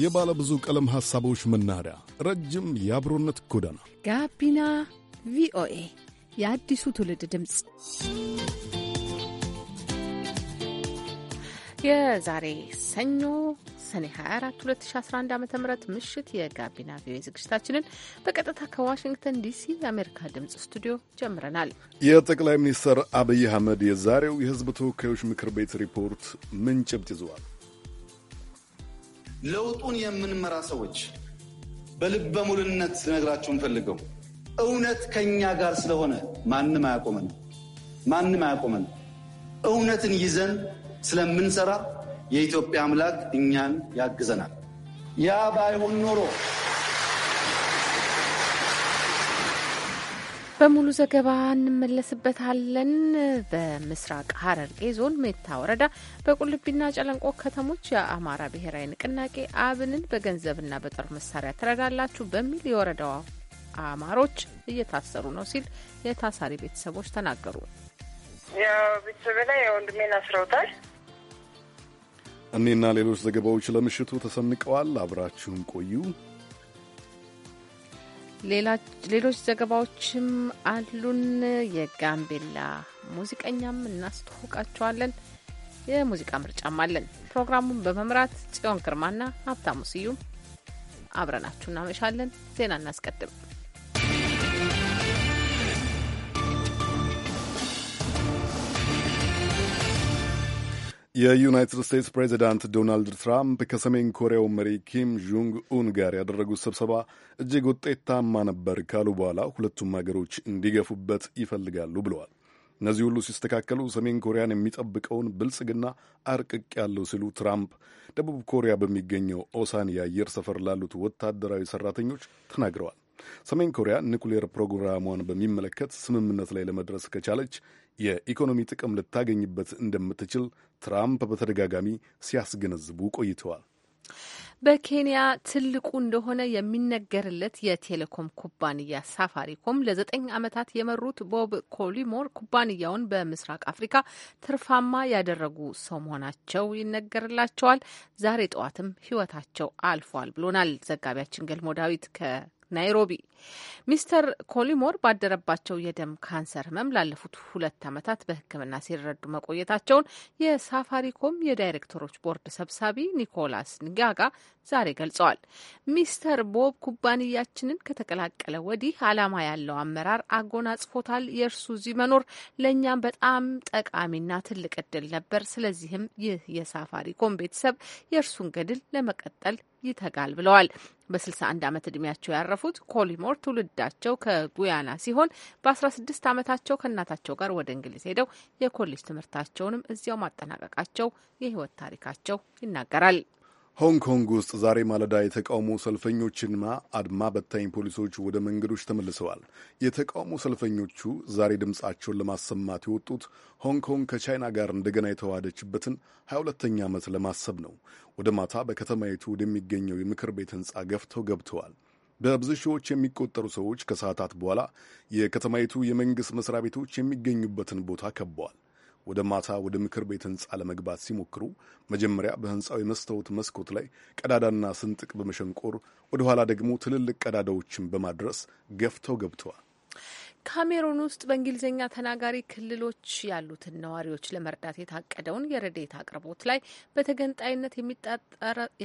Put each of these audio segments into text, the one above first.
የባለ ብዙ ቀለም ሐሳቦች መናኸሪያ፣ ረጅም የአብሮነት ጎዳና ጋቢና ቪኦኤ የአዲሱ ትውልድ ድምፅ። የዛሬ ሰኞ ሰኔ 24 2011 ዓ ም ምሽት የጋቢና ቪኦኤ ዝግጅታችንን በቀጥታ ከዋሽንግተን ዲሲ የአሜሪካ ድምፅ ስቱዲዮ ጀምረናል። የጠቅላይ ሚኒስትር አብይ አህመድ የዛሬው የህዝብ ተወካዮች ምክር ቤት ሪፖርት ምን ጭብጥ ይዘዋል? ለውጡን የምንመራ ሰዎች በልበ ሙሉነት ልነግራችሁ እንፈልገው እውነት ከኛ ጋር ስለሆነ ማንም አያቆመን፣ ማንም አያቆመን። እውነትን ይዘን ስለምንሰራ የኢትዮጵያ አምላክ እኛን ያግዘናል። ያ ባይሆን ኖሮ በሙሉ ዘገባ እንመለስበታለን። በምስራቅ ሐረርጌ ዞን ሜታ ወረዳ በቁልቢና ጨለንቆ ከተሞች የአማራ ብሔራዊ ንቅናቄ አብንን በገንዘብና በጦር መሳሪያ ትረዳላችሁ በሚል የወረዳዋ አማሮች እየታሰሩ ነው ሲል የታሳሪ ቤተሰቦች ተናገሩ። ቤተሰብ ላይ የወንድሜን አስረውታል። እኔና ሌሎች ዘገባዎች ለምሽቱ ተሰንቀዋል። አብራችሁን ቆዩ። ሌሎች ዘገባዎችም አሉን። የጋምቤላ ሙዚቀኛም እናስተዋውቃቸዋለን። የሙዚቃ ምርጫም አለን። ፕሮግራሙን በመምራት ጽዮን ግርማና ሀብታሙ ስዩም አብረናችሁ እናመሻለን። ዜና እናስቀድም። የዩናይትድ ስቴትስ ፕሬዚዳንት ዶናልድ ትራምፕ ከሰሜን ኮሪያው መሪ ኪም ጆንግ ኡን ጋር ያደረጉት ስብሰባ እጅግ ውጤታማ ነበር ካሉ በኋላ ሁለቱም ሀገሮች እንዲገፉበት ይፈልጋሉ ብለዋል። እነዚህ ሁሉ ሲስተካከሉ ሰሜን ኮሪያን የሚጠብቀውን ብልጽግና አርቅቅ ያለው ሲሉ ትራምፕ ደቡብ ኮሪያ በሚገኘው ኦሳን የአየር ሰፈር ላሉት ወታደራዊ ሰራተኞች ተናግረዋል። ሰሜን ኮሪያ ኒኩሌር ፕሮግራሟን በሚመለከት ስምምነት ላይ ለመድረስ ከቻለች የኢኮኖሚ ጥቅም ልታገኝበት እንደምትችል ትራምፕ በተደጋጋሚ ሲያስገነዝቡ ቆይተዋል። በኬንያ ትልቁ እንደሆነ የሚነገርለት የቴሌኮም ኩባንያ ሳፋሪኮም ለዘጠኝ ዓመታት የመሩት ቦብ ኮሊሞር ኩባንያውን በምስራቅ አፍሪካ ትርፋማ ያደረጉ ሰው መሆናቸው ይነገርላቸዋል። ዛሬ ጠዋትም ሕይወታቸው አልፏል ብሎናል ዘጋቢያችን ገልሞ ዳዊት ከ ናይሮቢ። ሚስተር ኮሊሞር ባደረባቸው የደም ካንሰር ህመም ላለፉት ሁለት ዓመታት በሕክምና ሲረዱ መቆየታቸውን የሳፋሪኮም የዳይሬክተሮች ቦርድ ሰብሳቢ ኒኮላስ ንጋጋ ዛሬ ገልጸዋል። ሚስተር ቦብ ኩባንያችንን ከተቀላቀለ ወዲህ ዓላማ ያለው አመራር አጎናጽፎታል። የእርሱ እዚህ መኖር ለእኛም በጣም ጠቃሚና ትልቅ እድል ነበር። ስለዚህም ይህ የሳፋሪኮም ቤተሰብ የእርሱን ገድል ለመቀጠል ይተጋል ብለዋል። በ61 ዓመት ዕድሜያቸው ያረፉት ኮሊሞር ትውልዳቸው ከጉያና ሲሆን በ16 ዓመታቸው ከእናታቸው ጋር ወደ እንግሊዝ ሄደው የኮሌጅ ትምህርታቸውንም እዚያው ማጠናቀቃቸው የህይወት ታሪካቸው ይናገራል። ሆንግ ኮንግ ውስጥ ዛሬ ማለዳ የተቃውሞ ሰልፈኞችና አድማ በታኝ ፖሊሶች ወደ መንገዶች ተመልሰዋል። የተቃውሞ ሰልፈኞቹ ዛሬ ድምፃቸውን ለማሰማት የወጡት ሆንግ ኮንግ ከቻይና ጋር እንደገና የተዋሃደችበትን 22ተኛ ዓመት ለማሰብ ነው። ወደ ማታ በከተማይቱ ወደሚገኘው የምክር ቤት ህንፃ ገፍተው ገብተዋል። በብዙ ሺዎች የሚቆጠሩ ሰዎች ከሰዓታት በኋላ የከተማይቱ የመንግሥት መስሪያ ቤቶች የሚገኙበትን ቦታ ከበዋል። ወደ ማታ ወደ ምክር ቤት ህንፃ ለመግባት ሲሞክሩ መጀመሪያ በህንፃው የመስታወት መስኮት ላይ ቀዳዳና ስንጥቅ በመሸንቆር ወደ ኋላ ደግሞ ትልልቅ ቀዳዳዎችን በማድረስ ገፍተው ገብተዋል። ካሜሮን ውስጥ በእንግሊዝኛ ተናጋሪ ክልሎች ያሉትን ነዋሪዎች ለመርዳት የታቀደውን የረዴት አቅርቦት ላይ በተገንጣይነት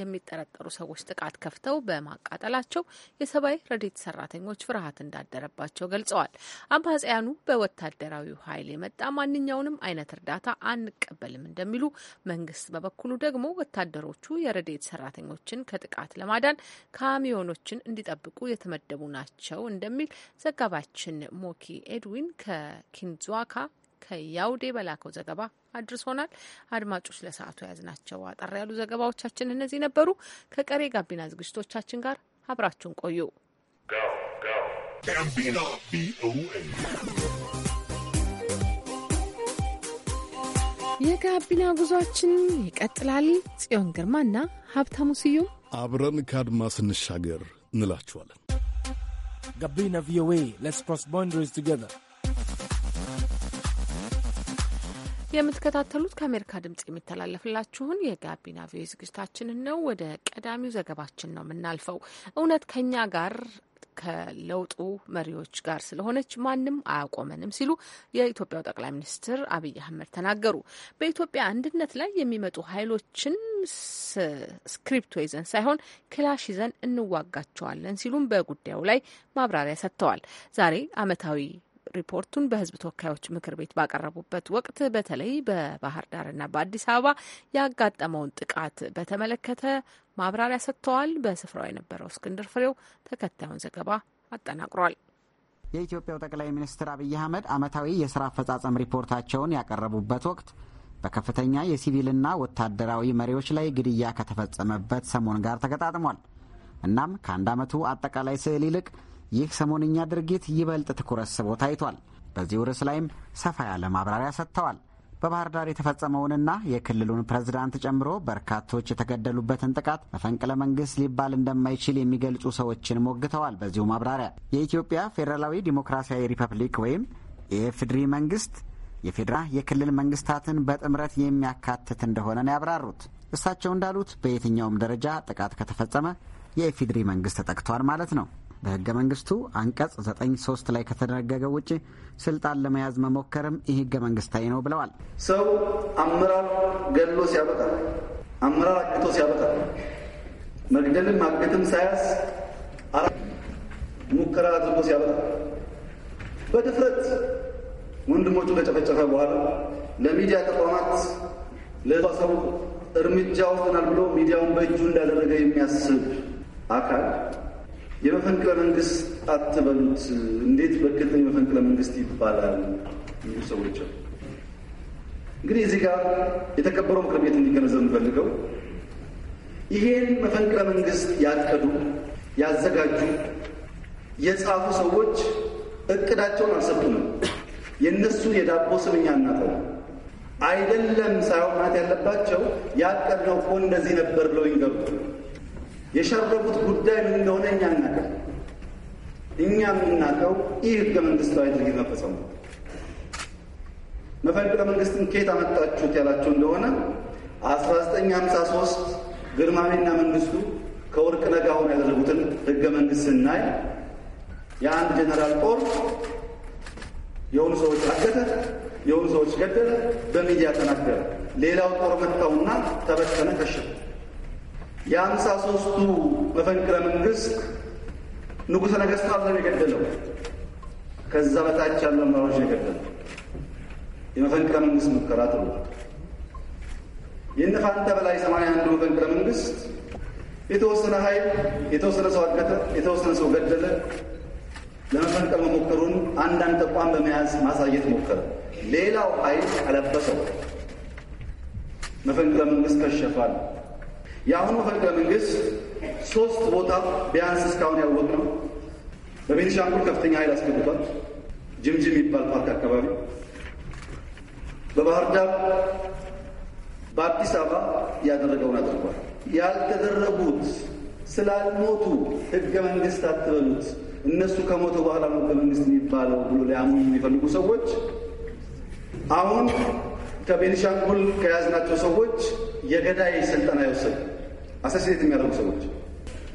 የሚጠረጠሩ ሰዎች ጥቃት ከፍተው በማቃጠላቸው የሰብአዊ ረዴት ሰራተኞች ፍርሃት እንዳደረባቸው ገልጸዋል። አምባጽያኑ በወታደራዊ ኃይል የመጣ ማንኛውንም አይነት እርዳታ አንቀበልም እንደሚሉ፣ መንግስት በበኩሉ ደግሞ ወታደሮቹ የረዴት ሰራተኞችን ከጥቃት ለማዳን ካሚዮኖችን እንዲጠብቁ የተመደቡ ናቸው እንደሚል ዘጋባችን ሞኪ ኤድዊን ከኪንዟካ ከያውዴ በላከው ዘገባ አድርሶናል። አድማጮች ለሰዓቱ የያዝናቸው አጠር ያሉ ዘገባዎቻችን እነዚህ ነበሩ። ከቀሬ ጋቢና ዝግጅቶቻችን ጋር አብራችሁን ቆዩ። የጋቢና ጉዟችን ይቀጥላል። ጽዮን ግርማና ሀብታሙ ስዩም አብረን ከአድማ ስንሻገር እንላችኋለን። Gabina VOA. Let's cross boundaries together. የምትከታተሉት ከአሜሪካ ድምጽ የሚተላለፍላችሁን የጋቢና ቪኦኤ ዝግጅታችንን ነው። ወደ ቀዳሚው ዘገባችን ነው የምናልፈው። እውነት ከኛ ጋር ከለውጡ መሪዎች ጋር ስለሆነች ማንም አያቆመንም ሲሉ የኢትዮጵያው ጠቅላይ ሚኒስትር አብይ አህመድ ተናገሩ። በኢትዮጵያ አንድነት ላይ የሚመጡ ኃይሎችን ስክሪፕቶ ይዘን ሳይሆን ክላሽ ይዘን እንዋጋቸዋለን ሲሉም በጉዳዩ ላይ ማብራሪያ ሰጥተዋል። ዛሬ አመታዊ ሪፖርቱን በህዝብ ተወካዮች ምክር ቤት ባቀረቡበት ወቅት በተለይ በባህር ዳርና በአዲስ አበባ ያጋጠመውን ጥቃት በተመለከተ ማብራሪያ ሰጥተዋል። በስፍራው የነበረው እስክንድር ፍሬው ተከታዩን ዘገባ አጠናቅሯል። የኢትዮጵያው ጠቅላይ ሚኒስትር አብይ አህመድ ዓመታዊ የሥራ አፈጻጸም ሪፖርታቸውን ያቀረቡበት ወቅት በከፍተኛ የሲቪልና ወታደራዊ መሪዎች ላይ ግድያ ከተፈጸመበት ሰሞን ጋር ተገጣጥሟል። እናም ከአንድ ዓመቱ አጠቃላይ ስዕል ይልቅ ይህ ሰሞንኛ ድርጊት ይበልጥ ትኩረት ስቦ ታይቷል። በዚሁ ርዕስ ላይም ሰፋ ያለ ማብራሪያ ሰጥተዋል። በባህር ዳር የተፈጸመውንና የክልሉን ፕሬዝዳንት ጨምሮ በርካቶች የተገደሉበትን ጥቃት መፈንቅለ መንግስት ሊባል እንደማይችል የሚገልጹ ሰዎችን ሞግተዋል። በዚሁ ማብራሪያ የኢትዮጵያ ፌዴራላዊ ዲሞክራሲያዊ ሪፐብሊክ ወይም የኤፍድሪ መንግስት የፌዴራል የክልል መንግስታትን በጥምረት የሚያካትት እንደሆነ ነው ያብራሩት። እሳቸው እንዳሉት በየትኛውም ደረጃ ጥቃት ከተፈጸመ የኢፌዴሪ መንግስት ተጠቅቷል ማለት ነው። በህገ መንግስቱ አንቀጽ 93 ላይ ከተደነገገው ውጭ ስልጣን ለመያዝ መሞከርም ይህ ህገ መንግስታዊ ነው ብለዋል። ሰው አመራር ገድሎ ሲያበቃ፣ አመራር አግቶ ሲያበቃ፣ መግደልም ማገትም ሳያስ ሙከራ አድርጎ ሲያበቃ፣ በድፍረት ወንድሞቹ ከጨፈጨፈ በኋላ ለሚዲያ ተቋማት ለሰው እርምጃ ወስደናል ብሎ ሚዲያውን በእጁ እንዳደረገ የሚያስብ አካል የመፈንቅለ መንግስት አትበሉት። እንዴት በእርግጠኝ መፈንቅለ መንግስት ይባላል የሚሉ ሰዎች አሉ። እንግዲህ እዚህ ጋር የተከበረው ምክር ቤት እንዲገነዘብ እንፈልገው ይሄን መፈንቅለ መንግስት ያቀዱ ያዘጋጁ የጻፉ ሰዎች እቅዳቸውን አልሰጡንም። የእነሱን የዳቦ ስም እኛ እናቀው አይደለም ሳይሆን ማለት ያለባቸው ያቀድነው እኮ እንደዚህ ነበር ብለው ይንገሩት። የሸረቡት ጉዳይ ምን እንደሆነ እኛ እናቀው እኛ የምናቀው ይህ ህገ መንግስታዊ ድርጊት መፈጸሙ መፈንቅለ መንግስትን ከየት አመጣችሁት ያላቸው እንደሆነ አስራ ዘጠኝ ሶስት ግርማሜና መንግስቱ ከወርቅ ነጋሁን ያደረጉትን ህገ መንግስት ስናይ የአንድ ጀነራል ጦር የሆኑ ሰዎች አገተ፣ የሆኑ ሰዎች ገደለ፣ በሚዲያ ተናገረ። ሌላው ጦር መታውና ተበተነ፣ ከሸፈ። የአምሳ ሶስቱ መፈንቅለ መንግስት ንጉሠ ነገሥቱ አብዛን የገደለው ከዛ በታች ያሉ አመራሮች የገደለው የመፈንቅለ መንግስት ሙከራ ተብሎ የእነ በላይ ሰማንያ አንዱ መፈንቅለ መንግስት የተወሰነ ኃይል የተወሰነ ሰው አገተ፣ የተወሰነ ሰው ገደለ። ለመፈንቅለ መሞከሩን አንዳንድ ተቋም በመያዝ ማሳየት ሞከረ። ሌላው ኃይል አለበሰው። መፈንቅለ መንግስት ከሸፋል። የአሁኑ ህገ መንግስት ሶስት ቦታ ቢያንስ እስካሁን ያወቅ ነው። በቤንሻንጉል ከፍተኛ ኃይል አስገብቷል። ጅምጅም የሚባል ፓርክ አካባቢ፣ በባህር ዳር፣ በአዲስ አበባ ያደረገውን አድርጓል። ያልተደረጉት ስላልሞቱ ህገ መንግስት አትበሉት። እነሱ ከሞተ በኋላ ነው ህገ መንግስት የሚባለው ብሎ ሊያምኑ የሚፈልጉ ሰዎች አሁን ከቤንሻንጉል ከያዝናቸው ሰዎች የገዳይ ስልጠና ይወሰዱ አሰሲኔት የሚያደርጉ ሰዎች፣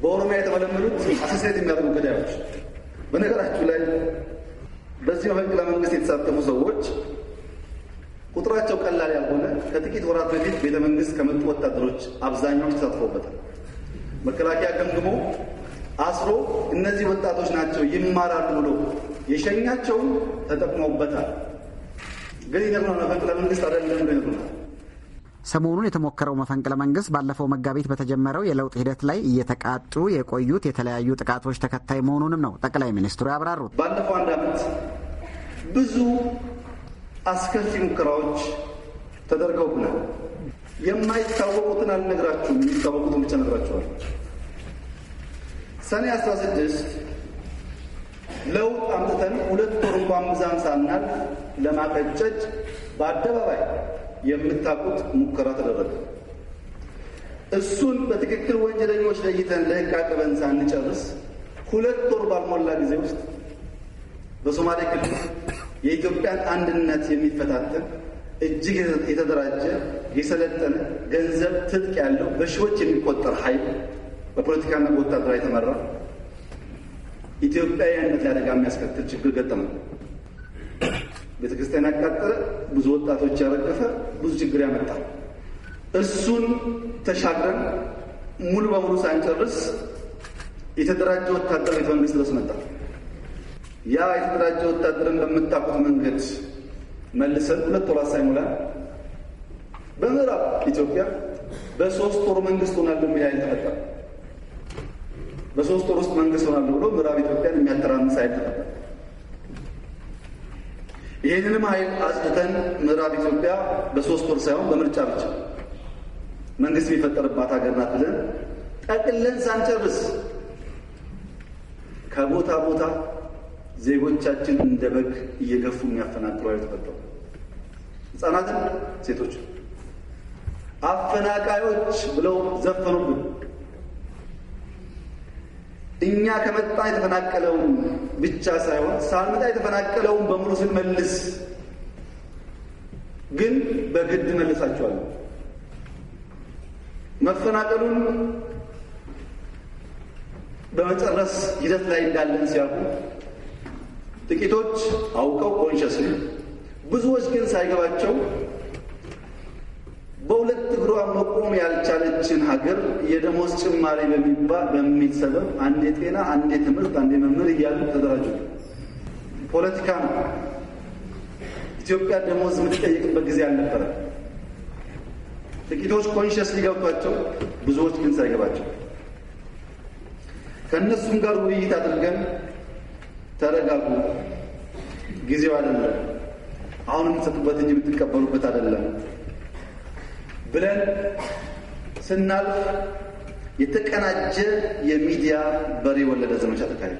በኦሮሚያ የተመለመሉት አሰሲኔት የሚያደርጉ ገዳዮች። በነገራችሁ ላይ በዚህ መፈንቅለ መንግስት የተሳተፉ ሰዎች ቁጥራቸው ቀላል ያልሆነ ከጥቂት ወራት በፊት ቤተ መንግስት ከመጡ ወታደሮች አብዛኛዎች ተሳትፎበታል። መከላከያ ገምግሞ አስሮ እነዚህ ወጣቶች ናቸው ይማራሉ ብሎ የሸኛቸውን ተጠቅመውበታል። ግን ይነግሮናል መፈንቅለ መንግስት አይደለም ብሎ ሰሞኑን የተሞከረው መፈንቅለ መንግስት ባለፈው መጋቢት በተጀመረው የለውጥ ሂደት ላይ እየተቃጡ የቆዩት የተለያዩ ጥቃቶች ተከታይ መሆኑንም ነው ጠቅላይ ሚኒስትሩ ያብራሩት። ባለፈው አንድ ዓመት ብዙ አስከፊ ሙከራዎች ተደርገውብናል። የማይታወቁትን አልነግራችሁም፣ የሚታወቁትን ብቻ ነግራችኋል። ሰኔ 16 ለውጥ አምጥተን ሁለት ወር እንኳን ምዛን ሳናል ለማቀጨጭ በአደባባይ የምታውቁት ሙከራ ተደረገ። እሱን በትክክል ወንጀለኞች ለይተን ለህግ አቅበን ሳንጨርስ ሁለት ወር ባልሞላ ጊዜ ውስጥ በሶማሌ ክልል የኢትዮጵያን አንድነት የሚፈታተን እጅግ የተደራጀ የሰለጠነ ገንዘብ ትጥቅ ያለው በሺዎች የሚቆጠር ኃይል በፖለቲካና በወታደራ የተመራ ኢትዮጵያዊ አንድነት ላይ አደጋ የሚያስከትል ችግር ገጠመ። ቤተክርስቲያን ያቃጠለ፣ ብዙ ወጣቶች ያረገፈ፣ ብዙ ችግር ያመጣ እሱን ተሻግረን ሙሉ በሙሉ ሳንጨርስ የተደራጀ ወታደር ቤተ መንግስት ድረስ መጣ። ያ የተደራጀ ወታደርን በምታውቁት መንገድ መልሰን ሁለት ወራት ሳይሞላ በምዕራብ ኢትዮጵያ በሶስት ወር መንግስት ሆናለሁ የሚል ኃይል ተፈጠረ። በሶስት ወር ውስጥ መንግስት ሆናለሁ ብሎ ምዕራብ ኢትዮጵያን የሚያተራምስ ኃይል ተፈጠረ። ይህንንም ኃይል አጽድተን ምዕራብ ኢትዮጵያ በሶስት ወር ሳይሆን በምርጫ ብቻ መንግስት የሚፈጠርባት ሀገር ናት ብለን ጠቅለን ሳንጨርስ ከቦታ ቦታ ዜጎቻችን እንደ በግ እየገፉ የሚያፈናቅሉ ተፈጠሩ። ህጻናትን፣ ሴቶች አፈናቃዮች ብለው ዘፈኑብን። እኛ ከመጣ የተፈናቀለውን ብቻ ሳይሆን ሳልመጣ የተፈናቀለውን በሙሉ ስንመልስ ግን በግድ መልሳቸዋለሁ። መፈናቀሉን በመጨረስ ሂደት ላይ እንዳለን ሲያውቁ ጥቂቶች አውቀው ኮንሸስ፣ ብዙዎች ግን ሳይገባቸው በሁለት እግሯ መቆም ያልቻለችን ሀገር የደሞዝ ጭማሪ በሚባል በሚል ሰበብ አንዴ ጤና፣ አንዴ ትምህርት፣ አንዴ መምህር እያሉ ተደራጁ። ፖለቲካ ነው። ኢትዮጵያ ደሞዝ የምትጠይቅበት ጊዜ አልነበረ። ጥቂቶች ኮንሽስ ሊገብቷቸው፣ ብዙዎች ግን ሳይገባቸው ከእነሱም ጋር ውይይት አድርገን ተረጋጉ፣ ጊዜው አይደለም አሁን የምትሰጡበት እንጂ የምትቀበሉበት አይደለም ብለን ስናልፍ የተቀናጀ የሚዲያ በሬ ወለደ ዘመቻ ተካሄደ።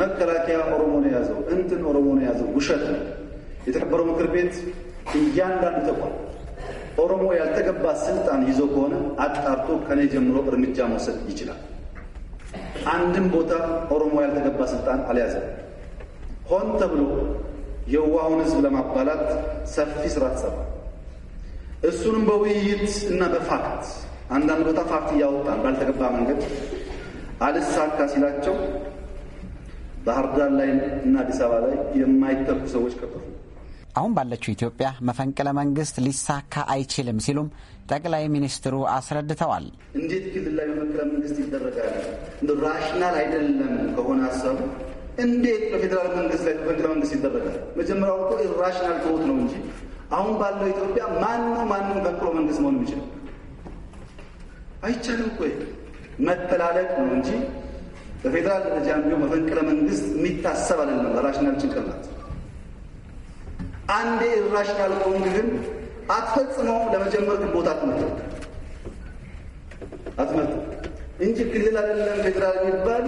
መከላከያ ኦሮሞ ነው የያዘው፣ እንትን ኦሮሞ ነው የያዘው። ውሸት ነው። የተከበረው ምክር ቤት እያንዳንዱ ተቋም ኦሮሞ ያልተገባ ስልጣን ይዞ ከሆነ አጣርቶ ከኔ ጀምሮ እርምጃ መውሰድ ይችላል። አንድም ቦታ ኦሮሞ ያልተገባ ስልጣን አልያዘም። ሆን ተብሎ የዋሁን ህዝብ ለማባላት ሰፊ ስራ ተሰራ። እሱንም በውይይት እና በፋክት አንዳንድ ቦታ ፋክት እያወጣን ባልተገባ መንገድ አልሳካ ሲላቸው ባህር ዳር ላይ እና አዲስ አበባ ላይ የማይተኩ ሰዎች ከበሩ። አሁን ባለችው ኢትዮጵያ መፈንቅለ መንግስት ሊሳካ አይችልም ሲሉም ጠቅላይ ሚኒስትሩ አስረድተዋል። እንዴት ክልል ላይ መፈንቅለ መንግስት ይደረጋል? ራሽናል አይደለም ከሆነ ሀሳቡ እንዴት በፌዴራል መንግስት ላይ መፈንቅለ መንግስት ይደረጋል? መጀመሪያው እኮ ኢራሽናል ተውት ነው እንጂ አሁን ባለው ኢትዮጵያ ማነው ማንም በቅሎ መንግስት መሆን የሚችለው? አይቻልም እኮ መተላለቅ ነው እንጂ በፌዴራል ደረጃ ቢሆን መፈንቅለ መንግስት የሚታሰብ አይደለም። በራሽናል ጭንቅላት አንዴ ራሽናል ከሆንክ ግን አትፈጽመው። ለመጀመር ግን ቦታ አትመርጠው እንጂ ክልል አይደለም ፌዴራል የሚባል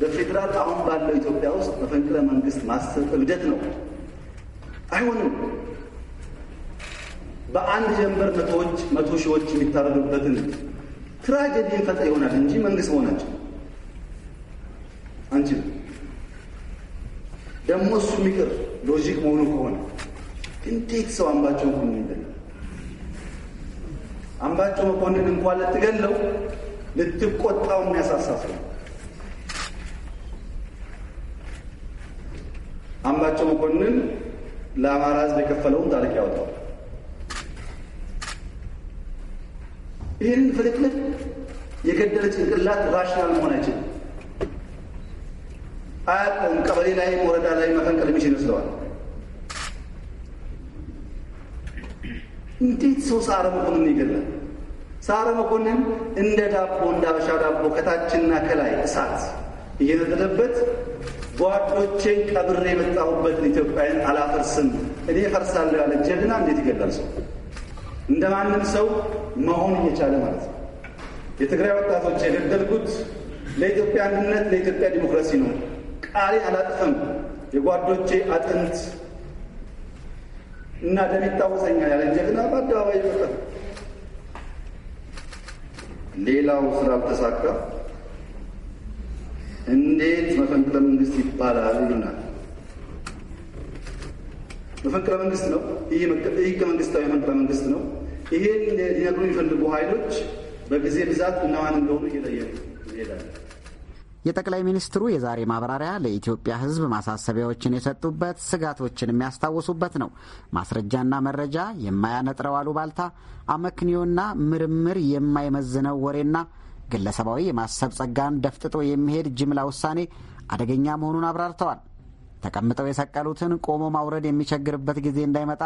በፌዴራል አሁን ባለው ኢትዮጵያ ውስጥ መፈንቅለ መንግስት ማሰብ እብደት ነው፣ አይሆንም። በአንድ ጀንበር መቶዎች መቶ ሺዎች የሚታረዱበትን ትራጀዲ ፈጠ ይሆናል እንጂ መንግስት መሆናቸው አንቺ ደግሞ እሱ የሚቅር ሎጂክ መሆኑ ከሆነ እንዴት ሰው አምባቸው መኮንን ይበላል? አምባቸው መኮንን እንኳን ልትገለው ልትቆጣው የሚያሳሳ ሰው አምባቸው መኮንን ለአማራ ህዝብ የከፈለውን ታሪክ ያወጣል። ይህንን ፍልቅልቅ የገደለ ጭንቅላት ራሽናል መሆን አይችልም። አያውቀውም። ቀበሌ ላይ ወረዳ ላይ መፈንቀል የሚችል ይመስለዋል። እንዴት ሰው ሳረ መኮንን ይገላል? ሳረ መኮንን እንደ ዳቦ እንደ አበሻ ዳቦ ከታችና ከላይ እሳት እየነጠለበት ጓዶቼን ቀብሬ የመጣሁበትን ኢትዮጵያን አላፈርስም እኔ ፈርሳለሁ ያለ ጀግና እንዴት ይገላል? ሰው እንደ ማንም ሰው መሆን እየቻለ ማለት ነው። የትግራይ ወጣቶች የገደልኩት ለኢትዮጵያ አንድነት፣ ለኢትዮጵያ ዲሞክራሲ ነው። ቃሌ አላጥፈም። የጓዶቼ አጥንት እና ደም ይታወሰኛል ያለ ጀግና በአደባባይ ይወጣል። ሌላው ስላልተሳካ እንዴት መፈንቅለ መንግስት ይባላል ይሉናል። መፈንቅለ መንግስት ነው። ይህ ህገ መንግስታዊ መፈንቅለ መንግስት ነው። ይሄን ሊነግሩ የሚፈልጉ ኃይሎች በጊዜ ብዛት እነማን እንደሆኑ እየለየሉ ይሄዳል። የጠቅላይ ሚኒስትሩ የዛሬ ማብራሪያ ለኢትዮጵያ ሕዝብ ማሳሰቢያዎችን የሰጡበት ስጋቶችን የሚያስታውሱበት ነው። ማስረጃና መረጃ የማያነጥረው አሉባልታ፣ አመክንዮና ምርምር የማይመዝነው ወሬና ግለሰባዊ የማሰብ ጸጋን ደፍጥጦ የሚሄድ ጅምላ ውሳኔ አደገኛ መሆኑን አብራርተዋል። ተቀምጠው የሰቀሉትን ቆሞ ማውረድ የሚቸግርበት ጊዜ እንዳይመጣ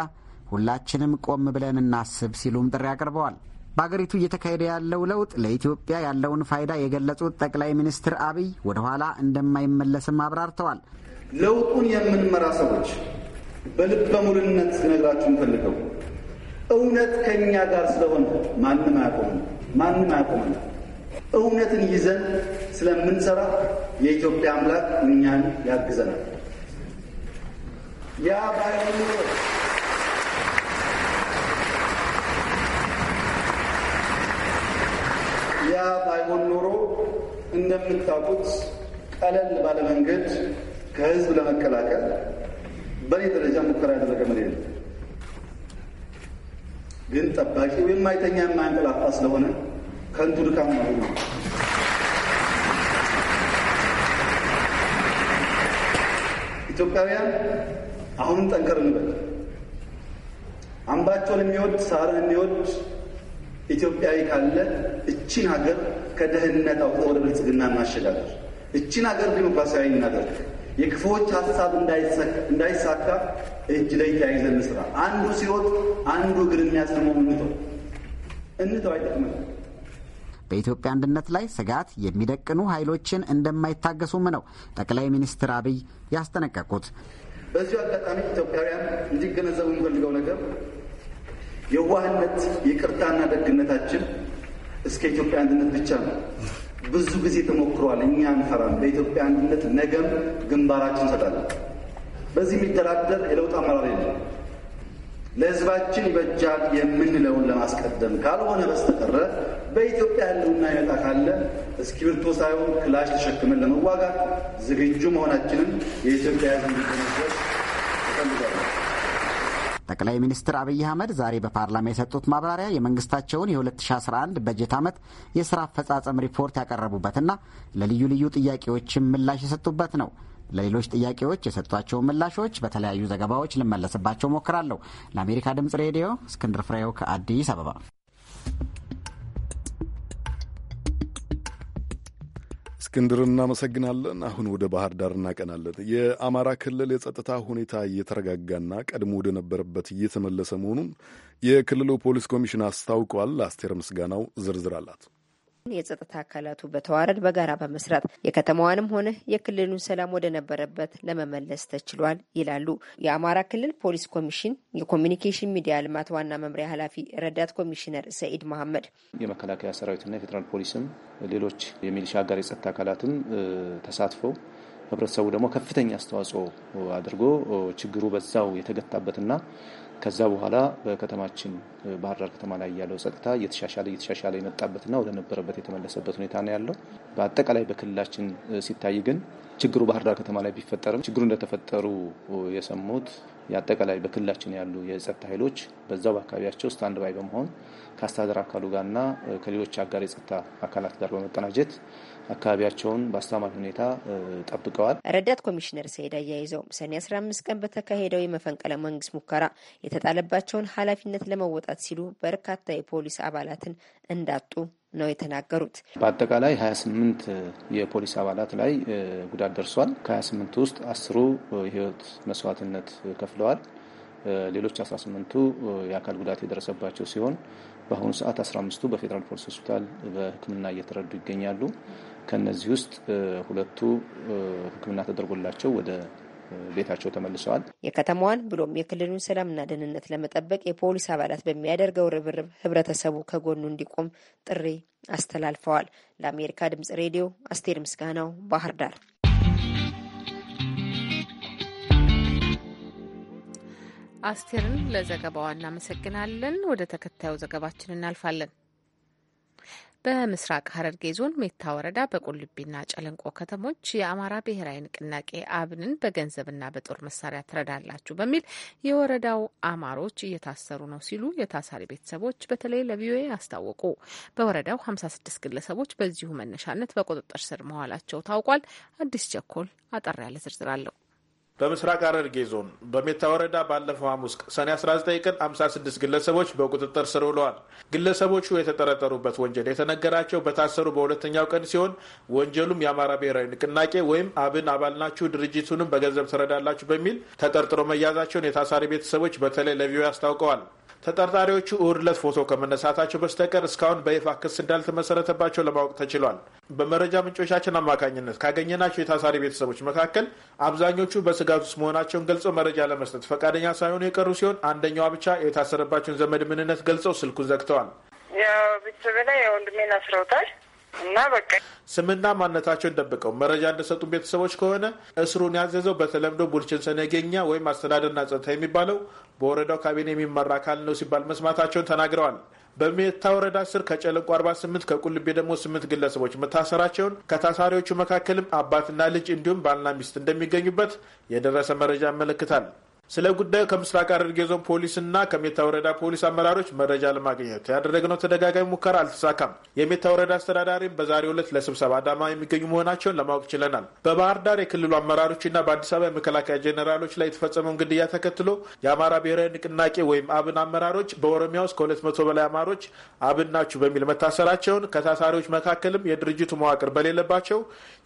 ሁላችንም ቆም ብለን እናስብ ሲሉም ጥሪ አቅርበዋል። በአገሪቱ እየተካሄደ ያለው ለውጥ ለኢትዮጵያ ያለውን ፋይዳ የገለጹት ጠቅላይ ሚኒስትር አብይ ወደ ኋላ እንደማይመለስም አብራርተዋል። ለውጡን የምንመራ ሰዎች በልበ ሙሉነት ነግራችሁ እንፈልገው እውነት ከእኛ ጋር ስለሆነ ማንም አያቆመን፣ ማንም አያቆመን። እውነትን ይዘን ስለምንሰራ የኢትዮጵያ አምላክ እኛን ያግዘናል። ያ ባይሆኑ ባይሆን ኖሮ እንደምታውቁት ቀለል ባለመንገድ ከህዝብ ለመከላከል በእኔ ደረጃ ሙከራ ያደረገ መሪ የለም። ግን ጠባቂው የማይተኛ የማያንቀላፋ ስለሆነ ከንቱ ድካም ነው። ኢትዮጵያውያን አሁንም ጠንከር እንበል። አምባቸውን የሚወድ ሳርን የሚወድ ኢትዮጵያዊ ካለ እቺን ሀገር ከደህንነት አውጥቶ ወደ ብልጽግና እናሸጋገር። እቺን ሀገር ዲሞክራሲያዊ እናደርግ። የክፉዎች ሀሳብ እንዳይሳካ እጅ ላይ ተያይዘን እንስራ። አንዱ ሲሮጥ አንዱ እግር የሚያስመው እንተው እንተው፣ አይጠቅምም። በኢትዮጵያ አንድነት ላይ ስጋት የሚደቅኑ ኃይሎችን እንደማይታገሱም ነው ጠቅላይ ሚኒስትር አብይ ያስጠነቀቁት። በዚሁ አጋጣሚ ኢትዮጵያውያን እንዲገነዘቡ የሚፈልገው ነገር የዋህነት የቅርታና ደግነታችን እስከ ኢትዮጵያ አንድነት ብቻ ነው። ብዙ ጊዜ ተሞክሯል። እኛ አንፈራም። ለኢትዮጵያ አንድነት ነገም ግንባራችን እንሰጣለን። በዚህ የሚደራደር የለውጥ አመራር የለም። ለህዝባችን ይበጃል የምንለውን ለማስቀደም ካልሆነ በስተቀረ በኢትዮጵያ ሕልውና ይመጣ ካለ እስክሪብቶ ሳይሆን ክላሽ ተሸክመን ለመዋጋት ዝግጁ መሆናችንን የኢትዮጵያ ሕዝብ ጠቅላይ ሚኒስትር አብይ አህመድ ዛሬ በፓርላማ የሰጡት ማብራሪያ የመንግስታቸውን የ2011 በጀት ዓመት የስራ አፈጻጸም ሪፖርት ያቀረቡበትና ለልዩ ልዩ ጥያቄዎችም ምላሽ የሰጡበት ነው። ለሌሎች ጥያቄዎች የሰጧቸውን ምላሾች በተለያዩ ዘገባዎች ልመለስባቸው ሞክራለሁ። ለአሜሪካ ድምጽ ሬዲዮ እስክንድር ፍሬው ከአዲስ አበባ እስክንድር እናመሰግናለን። አሁን ወደ ባህር ዳር እናቀናለን። የአማራ ክልል የጸጥታ ሁኔታ እየተረጋጋና ቀድሞ ወደነበረበት እየተመለሰ መሆኑን የክልሉ ፖሊስ ኮሚሽን አስታውቋል። አስቴር ምስጋናው ዝርዝር አላት። የጸጥታ አካላቱ በተዋረድ በጋራ በመስራት የከተማዋንም ሆነ የክልሉን ሰላም ወደ ነበረበት ለመመለስ ተችሏል ይላሉ የአማራ ክልል ፖሊስ ኮሚሽን የኮሚኒኬሽን ሚዲያ ልማት ዋና መምሪያ ኃላፊ ረዳት ኮሚሽነር ሰኢድ መሐመድ። የመከላከያ ሰራዊትና የፌዴራል ፖሊስም ሌሎች የሚሊሻ አጋር የጸጥታ አካላትም ተሳትፈው ህብረተሰቡ ደግሞ ከፍተኛ አስተዋጽኦ አድርጎ ችግሩ በዛው የተገታበትና ከዛ በኋላ በከተማችን ባህር ዳር ከተማ ላይ ያለው ጸጥታ እየተሻሻለ እየተሻሻለ የመጣበትና ወደነበረበት የተመለሰበት ሁኔታ ነው ያለው። በአጠቃላይ በክልላችን ሲታይ ግን ችግሩ ባህር ዳር ከተማ ላይ ቢፈጠርም ችግሩ እንደተፈጠሩ የሰሙት የአጠቃላይ በክልላችን ያሉ የጸጥታ ኃይሎች በዛው በአካባቢያቸው ስታንድ ባይ በመሆን ከአስተዳደር አካሉ ጋርና ከሌሎች አጋር የጸጥታ አካላት ጋር በመቀናጀት አካባቢያቸውን በአስተማሪ ሁኔታ ጠብቀዋል። ረዳት ኮሚሽነር ሰሄድ አያይዘው ሰኔ 15 ቀን በተካሄደው የመፈንቀለ መንግስት ሙከራ የተጣለባቸውን ኃላፊነት ለመወጣት ሲሉ በርካታ የፖሊስ አባላትን እንዳጡ ነው የተናገሩት። በአጠቃላይ 28 የፖሊስ አባላት ላይ ጉዳት ደርሷል። ከ28 ውስጥ አስሩ የህይወት መስዋዕትነት ከፍለዋል። ሌሎች 18ቱ የአካል ጉዳት የደረሰባቸው ሲሆን በአሁኑ ሰዓት 15ቱ በፌዴራል ፖሊስ ሆስፒታል በሕክምና እየተረዱ ይገኛሉ። ከነዚህ ውስጥ ሁለቱ ሕክምና ተደርጎላቸው ወደ ቤታቸው ተመልሰዋል። የከተማዋን ብሎም የክልሉን ሰላምና ደህንነት ለመጠበቅ የፖሊስ አባላት በሚያደርገው ርብርብ ህብረተሰቡ ከጎኑ እንዲቆም ጥሪ አስተላልፈዋል። ለአሜሪካ ድምጽ ሬዲዮ አስቴር ምስጋናው ባህር ዳር። አስቴርን ለዘገባዋ እናመሰግናለን። ወደ ተከታዩ ዘገባችን እናልፋለን። በምስራቅ ሐረርጌ ዞን ሜታ ወረዳ በቁልቢና ጨለንቆ ከተሞች የአማራ ብሔራዊ ንቅናቄ አብንን በገንዘብና በጦር መሳሪያ ትረዳላችሁ በሚል የወረዳው አማሮች እየታሰሩ ነው ሲሉ የታሳሪ ቤተሰቦች በተለይ ለቪኦኤ አስታወቁ። በወረዳው 56 ግለሰቦች በዚሁ መነሻነት በቁጥጥር ስር መዋላቸው ታውቋል። አዲስ ቸኮል አጠር ያለ ዝርዝር አለው። በምስራቅ ሐረርጌ ዞን በሜታ ወረዳ ባለፈው ሐሙስ ሰኔ 19 ቀን 56 ግለሰቦች በቁጥጥር ስር ውለዋል። ግለሰቦቹ የተጠረጠሩበት ወንጀል የተነገራቸው በታሰሩ በሁለተኛው ቀን ሲሆን ወንጀሉም የአማራ ብሔራዊ ንቅናቄ ወይም አብን አባል ናችሁ፣ ድርጅቱንም በገንዘብ ትረዳላችሁ በሚል ተጠርጥሮ መያዛቸውን የታሳሪ ቤተሰቦች በተለይ ለቪኦኤ አስታውቀዋል። ተጠርጣሪዎቹ እሁድ ዕለት ፎቶ ከመነሳታቸው በስተቀር እስካሁን በይፋ ክስ እንዳልተመሰረተባቸው ለማወቅ ተችሏል። በመረጃ ምንጮቻችን አማካኝነት ካገኘናቸው የታሳሪ ቤተሰቦች መካከል አብዛኞቹ በስጋት ውስጥ መሆናቸውን ገልጸው መረጃ ለመስጠት ፈቃደኛ ሳይሆኑ የቀሩ ሲሆን አንደኛዋ ብቻ የታሰረባቸውን ዘመድ ምንነት ገልጸው ስልኩን ዘግተዋል። ያው ቤተሰብ ላይ ወንድሜን አስረውታል። እና በቃ ስምና ማንነታቸውን ደብቀው መረጃ እንደሰጡ ቤተሰቦች ከሆነ እስሩን ያዘዘው በተለምዶ ቡልችን ሰነገኛ ወይም አስተዳደርና ጸጥታ የሚባለው በወረዳው ካቢኔ የሚመራ አካል ነው ሲባል መስማታቸውን ተናግረዋል። በሜታ ወረዳ ስር ከጨለቆ 48 ከቁልቤ ደግሞ ስምንት ግለሰቦች መታሰራቸውን ከታሳሪዎቹ መካከልም አባትና ልጅ እንዲሁም ባልና ሚስት እንደሚገኙበት የደረሰ መረጃ ያመለክታል። ስለ ጉዳዩ ከምስራቅ ሐረርጌ ዞን ፖሊስና ከሜታ ወረዳ ፖሊስ አመራሮች መረጃ ለማግኘት ያደረግነው ተደጋጋሚ ሙከራ አልተሳካም። የሜታ ወረዳ አስተዳዳሪም በዛሬው ዕለት ለስብሰባ አዳማ የሚገኙ መሆናቸውን ለማወቅ ችለናል። በባህር ዳር የክልሉ አመራሮችና በአዲስ አበባ የመከላከያ ጄኔራሎች ላይ የተፈጸመውን ግድያ ተከትሎ የአማራ ብሔራዊ ንቅናቄ ወይም አብን አመራሮች በኦሮሚያ ውስጥ ከሁለት መቶ በላይ አማሮች አብን ናችሁ በሚል መታሰራቸውን ከታሳሪዎች መካከልም የድርጅቱ መዋቅር በሌለባቸው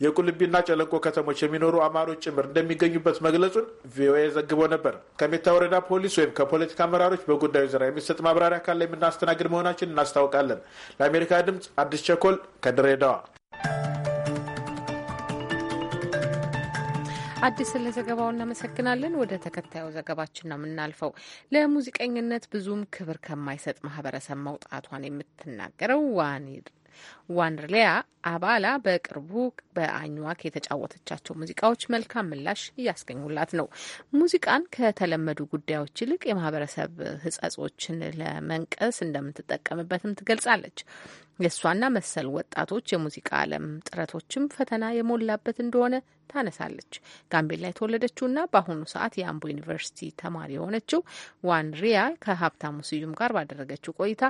የቁልቢና ጨለንቆ ከተሞች የሚኖሩ አማሮች ጭምር እንደሚገኙበት መግለጹን ቪኦኤ ዘግቦ ነበር። ከሜታ ወረዳ ፖሊስ ወይም ከፖለቲካ አመራሮች በጉዳዩ ዙሪያ የሚሰጥ ማብራሪያ ካለ የምናስተናግድ መሆናችን እናስታውቃለን። ለአሜሪካ ድምፅ አዲስ ቸኮል ከድሬዳዋ። አዲስ ለዘገባው እናመሰግናለን። ወደ ተከታዩ ዘገባችን ነው የምናልፈው። ለሙዚቀኝነት ብዙም ክብር ከማይሰጥ ማህበረሰብ መውጣቷን የምትናገረው ዋኒድ ዋንርሊያ አባላ በቅርቡ በአኝዋክ የተጫወተቻቸው ሙዚቃዎች መልካም ምላሽ እያስገኙላት ነው። ሙዚቃን ከተለመዱ ጉዳዮች ይልቅ የማህበረሰብ ህጸጾችን ለመንቀስ እንደምትጠቀምበትም ትገልጻለች። የእሷና መሰል ወጣቶች የሙዚቃ ዓለም ጥረቶችም ፈተና የሞላበት እንደሆነ ታነሳለች። ጋምቤላ የተወለደችውና በአሁኑ ሰዓት የአምቦ ዩኒቨርሲቲ ተማሪ የሆነችው ዋን ሪያ ከሀብታሙ ስዩም ጋር ባደረገችው ቆይታ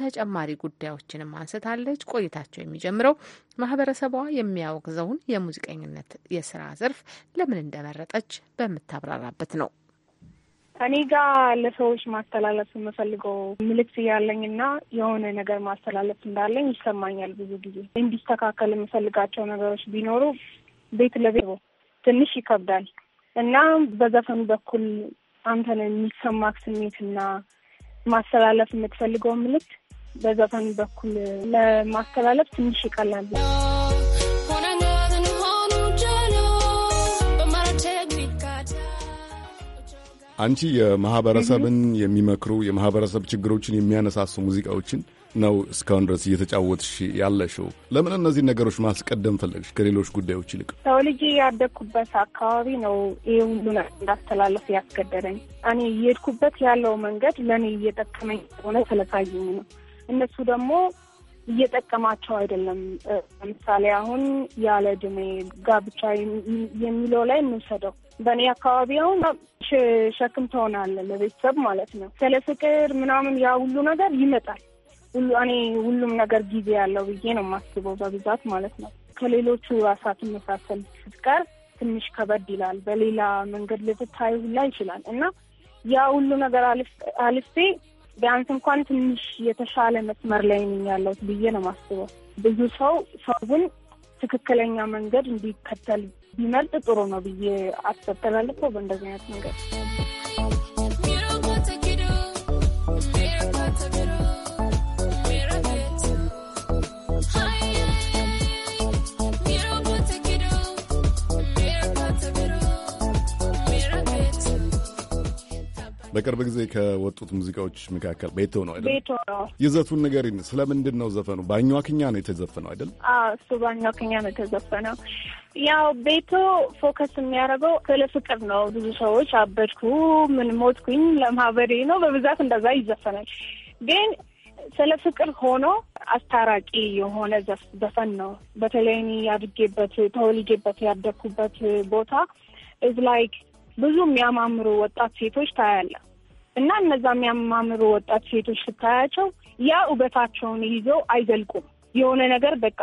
ተጨማሪ ጉዳዮችንም አንስታለች። ቆይታቸው የሚጀምረው ማህበረሰቧ የሚያወግዘውን የሙዚቀኝነት የስራ ዘርፍ ለምን እንደመረጠች በምታብራራበት ነው። እኔ ጋር ለሰዎች ማስተላለፍ የምፈልገው ምልክት እያለኝ እና የሆነ ነገር ማስተላለፍ እንዳለኝ ይሰማኛል። ብዙ ጊዜ እንዲስተካከል የምፈልጋቸው ነገሮች ቢኖሩ ቤት ለቤት ትንሽ ይከብዳል እና በዘፈኑ በኩል አንተን የሚሰማክ ስሜት እና ማስተላለፍ የምትፈልገው ምልክት በዘፈኑ በኩል ለማስተላለፍ ትንሽ ይቀላል። አንቺ የማህበረሰብን የሚመክሩ የማህበረሰብ ችግሮችን የሚያነሳሱ ሙዚቃዎችን ነው እስካሁን ድረስ እየተጫወትሽ ያለሽው። ለምን እነዚህን ነገሮች ማስቀደም ፈለግሽ ከሌሎች ጉዳዮች ይልቅ? ልጅ ያደግኩበት አካባቢ ነው ይህ ሁሉ እንዳስተላለፍ ያስገደደኝ። እኔ እየሄድኩበት ያለው መንገድ ለእኔ እየጠቀመኝ ሆነ ስለታየኝ ነው። እነሱ ደግሞ እየጠቀማቸው አይደለም። ለምሳሌ አሁን ያለ እድሜ ጋብቻ የሚለው ላይ እንውሰደው በእኔ አካባቢ አሁን ሸክም ትሆናለህ ለቤተሰብ ማለት ነው። ስለ ፍቅር ምናምን ያ ሁሉ ነገር ይመጣል። ሁሉ እኔ ሁሉም ነገር ጊዜ ያለው ብዬ ነው የማስበው በብዛት ማለት ነው። ከሌሎቹ ራሳ ትመሳሰል ስትቀር ትንሽ ከበድ ይላል። በሌላ መንገድ ልትታይ ሁላ ይችላል እና ያ ሁሉ ነገር አልፌ ቢያንስ እንኳን ትንሽ የተሻለ መስመር ላይ ነኝ ያለሁት ብዬ ነው የማስበው። ብዙ ሰው ሰውን ትክክለኛ መንገድ እንዲከተል ይመልጥ ጥሩ ነው ብዬ አስተላልፈው በእንደዚህ አይነት ነገር በቅርብ ጊዜ ከወጡት ሙዚቃዎች መካከል ቤቶ ነው አይደል? ቤቶ ነው። ይዘቱን ንገሪን። ስለምንድን ነው ዘፈኑ? ባኛዋክኛ ነው የተዘፈነው አይደል? እሱ ባኛዋክኛ ነው የተዘፈነው። ያው ቤቶ ፎከስ የሚያደርገው ስለ ፍቅር ነው። ብዙ ሰዎች አበድኩ፣ ምን ሞትኩኝ ለማህበሬ ነው በብዛት እንደዛ ይዘፈናል። ግን ስለ ፍቅር ሆኖ አስታራቂ የሆነ ዘፈን ነው። በተለይ እኔ ያድጌበት ተወልጄበት ያደግኩበት ቦታ ኢዝ ላይክ ብዙ የሚያማምሩ ወጣት ሴቶች ታያለ እና እነዛ የሚያማምሩ ወጣት ሴቶች ስታያቸው ያ ውበታቸውን ይዘው አይዘልቁም። የሆነ ነገር በቃ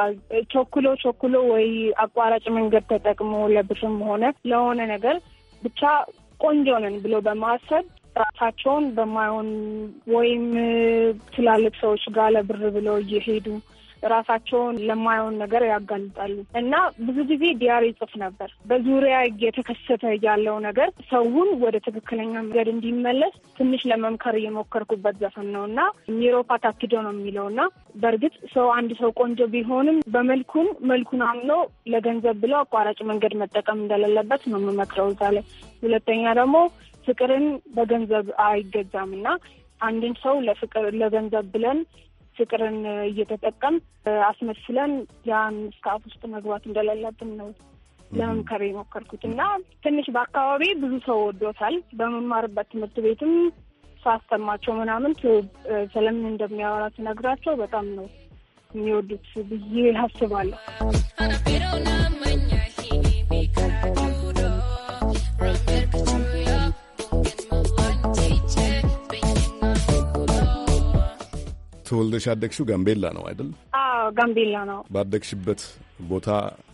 ቸኩሎ ቸኩሎ ወይ አቋራጭ መንገድ ተጠቅሞ ለብርም ሆነ ለሆነ ነገር ብቻ ቆንጆ ነን ብሎ በማሰብ ራሳቸውን በማይሆን ወይም ትላልቅ ሰዎች ጋር ለብር ብለው እየሄዱ ራሳቸውን ለማየውን ነገር ያጋልጣሉ እና ብዙ ጊዜ ዲያሪ ይጽፍ ነበር። በዙሪያ የተከሰተ ያለው ነገር ሰውን ወደ ትክክለኛ መንገድ እንዲመለስ ትንሽ ለመምከር እየሞከርኩበት ዘፈን ነው እና ኒሮፓት ነው የሚለው እና በእርግጥ ሰው አንድ ሰው ቆንጆ ቢሆንም በመልኩም መልኩን አምኖ ለገንዘብ ብሎ አቋራጭ መንገድ መጠቀም እንደሌለበት ነው የምመክረው እዛ ላይ። ሁለተኛ ደግሞ ፍቅርን በገንዘብ አይገዛም እና አንድን ሰው ለፍቅር ለገንዘብ ብለን ፍቅርን እየተጠቀም አስመስለን ያን ስካፍ ውስጥ መግባት እንደሌለብን ነው ለመምከር የሞከርኩት እና ትንሽ በአካባቢ ብዙ ሰው ወዶታል። በመማርበት ትምህርት ቤትም ሳስተማቸው ምናምን ስለምን እንደሚያወራ ስነግራቸው በጣም ነው የሚወዱት ብዬ አስባለሁ። ተወልደሽ ያደግሽው ጋምቤላ ነው አይደል? ጋምቤላ ነው። ባደግሽበት ቦታ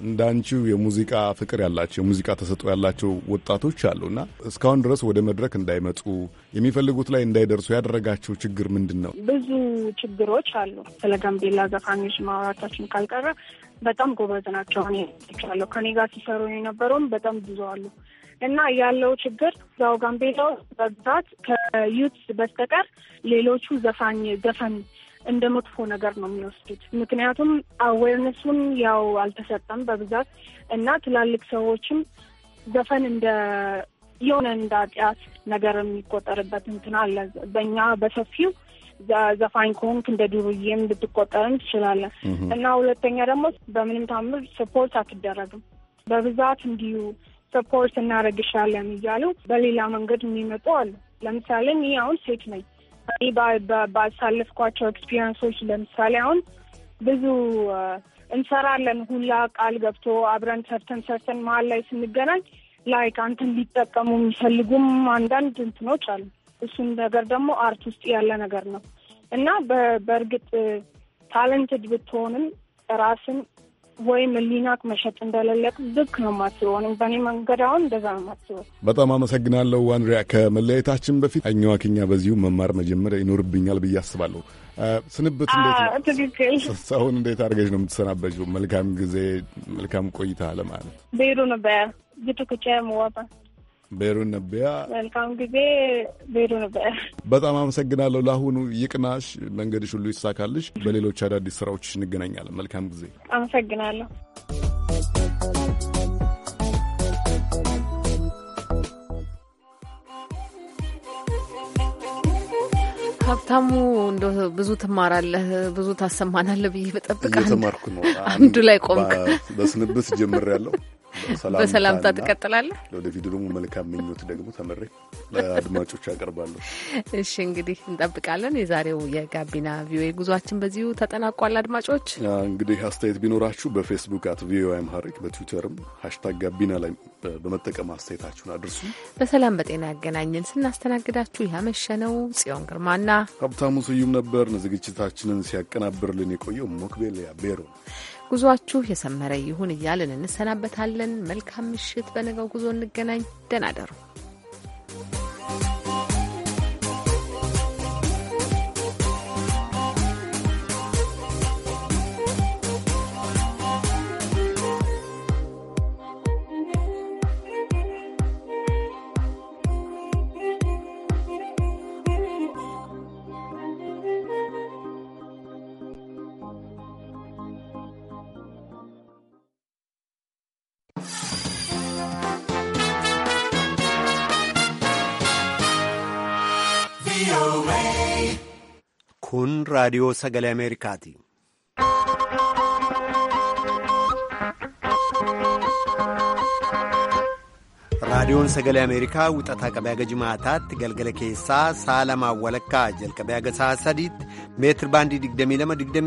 እንዳንቺው የሙዚቃ ፍቅር ያላቸው የሙዚቃ ተሰጥኦ ያላቸው ወጣቶች አሉና እስካሁን ድረስ ወደ መድረክ እንዳይመጡ የሚፈልጉት ላይ እንዳይደርሱ ያደረጋቸው ችግር ምንድን ነው? ብዙ ችግሮች አሉ። ስለ ጋምቤላ ዘፋኞች ማውራታችን ካልቀረ በጣም ጎበዝ ናቸው። ቻለሁ ከኔ ጋር ሲሰሩ የነበረውም በጣም ብዙ አሉ እና ያለው ችግር ያው ጋምቤላ በብዛት ከዩት በስተቀር ሌሎቹ ዘፋኝ ዘፈን እንደ መጥፎ ነገር ነው የሚወስዱት። ምክንያቱም አዌርነሱን ያው አልተሰጠም በብዛት እና ትላልቅ ሰዎችም ዘፈን እንደ የሆነ እንደ ኃጢአት ነገር የሚቆጠርበት እንትን አለ። በእኛ በሰፊው ዘፋኝ ከሆንክ እንደ ዱርዬም ብትቆጠርም ትችላለን እና ሁለተኛ ደግሞ በምንም ታምር ስፖርት አትደረግም በብዛት እንዲሁ ሰፖርት እናደርግሻለን እያሉ በሌላ መንገድ የሚመጡ አሉ። ለምሳሌ እኔ አሁን ሴት ነኝ እኔ ባሳለፍኳቸው ኤክስፒሪንሶች ለምሳሌ አሁን ብዙ እንሰራለን ሁላ ቃል ገብቶ አብረን ሰርተን ሰርተን መሀል ላይ ስንገናኝ ላይክ አንተን ሊጠቀሙ የሚፈልጉም አንዳንድ እንትኖች አሉ። እሱም ነገር ደግሞ አርት ውስጥ ያለ ነገር ነው እና በእርግጥ ታለንትድ ብትሆንም ራስን ወይም ሊናቅ መሸጥ እንደሌለቅ ልክ ነው የማስበው። በእኔ መንገድ አሁን እንደዛ ነው የማስበው። በጣም አመሰግናለሁ አንድሪያ። ከመለያየታችን በፊት አኛዋ አኛዋክኛ በዚሁ መማር መጀመር ይኖርብኛል ብዬ አስባለሁ። ስንብት እንዴት ትክክል። ሰውን እንዴት አድርገሽ ነው የምትሰናበችው? መልካም ጊዜ፣ መልካም ቆይታ ለማለት ቤሩ ነበያ ነበር ቤሩን ነቢያ፣ መልካም ጊዜ ቤሩ ነቢያ፣ በጣም አመሰግናለሁ። ለአሁኑ ይቅናሽ፣ መንገድሽ ሁሉ ይሳካልሽ። በሌሎች አዳዲስ ስራዎች እንገናኛለን። መልካም ጊዜ። አመሰግናለሁ። ሀብታሙ እንደ ብዙ ትማራለህ፣ ብዙ ታሰማናለህ ብዬ በጠብቃ እየተማርኩ ነው። አንዱ ላይ ቆምክ። በስንብት ጀምር ያለው በሰላምታ ትቀጥላለህ። ለወደፊት ደግሞ መልካም ምኞት ደግሞ ተመሬ ለአድማጮች ያቀርባለሁ። እሺ እንግዲህ እንጠብቃለን። የዛሬው የጋቢና ቪኦኤ ጉዟችን በዚሁ ተጠናቋል። አድማጮች እንግዲህ አስተያየት ቢኖራችሁ በፌስቡክ አት ቪኦኤ አምሃሪክ በትዊተርም ሀሽታግ ጋቢና ላይ በመጠቀም አስተያየታችሁን አድርሱ። በሰላም በጤና ያገናኘን። ስናስተናግዳችሁ ያመሸነው ጽዮን ግርማና ሀብታሙ ስዩም ነበር። ዝግጅታችንን ሲያቀናብርልን የቆየው ሞክቤል ያቤሮ ጉዟችሁ የሰመረ ይሁን እያልን እንሰናበታለን። መልካም ምሽት። በነገው ጉዞ እንገናኝ። ደናደሩ Kun sagalee Ameerikaati. raadiyoon sagalee ameerikaa wixataa qabee aga jimaataatti galgala keessaa sa'a lamaaf walakkaa jalqabee aga sa'a sadiitti meetir baandii 22